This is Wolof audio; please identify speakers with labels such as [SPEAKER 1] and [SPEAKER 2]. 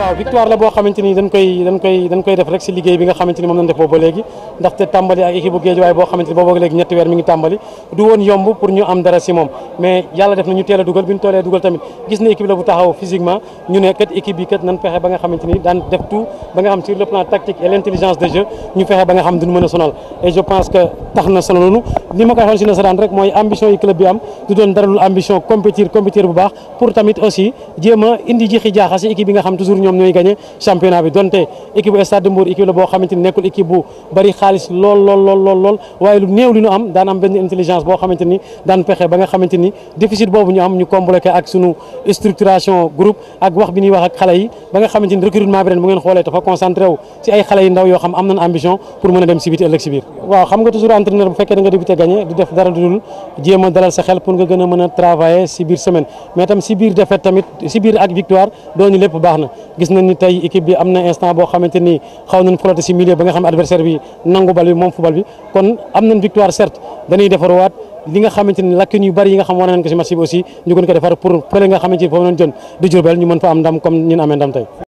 [SPEAKER 1] waaw victoire la boo xamante ni koy def rek si liggéey bi nga xamante moom lañ def boobu léegi ndaxte tàmbali ak équipe bu Guédiawaye boo xamante ni léegi ñetti weer mi ngi tàmbali du woon yomb pour ñu am dara si moom mais yàlla def na ñu teel dugal bi ñu toolee dugal tamit gis na équipe bi nga xam sur le plan et l' intelligence de jeu ñu fexe ba nga xam duñu mën sonal et je pense que tax na sonalunu li ma koy xool si nasaraan rek mooy a ñoom ñooy ngeen xoolee dafa concentré wu ci ay xale yu ndaw yoo xam am nañ ambition pour mën a dem si biir ëllëg tamit si ak victoire doonu lépp baax na gis nañ ni tey équipe bi am na instant boo xamante ni xaw nañ flotté si ba nga xam adversaire bi nangu bal bi moom football bi kon am nañ victoire certes dañuy defaruwaat li nga xamante ni lacune yu bari yi nga xam wane nañ ko si match bi aussi ñu gën defar pour fële nga xamante ni foofu nañ jëm di Diourbel ñu mën fa am ndam comme ñun amee ndam tey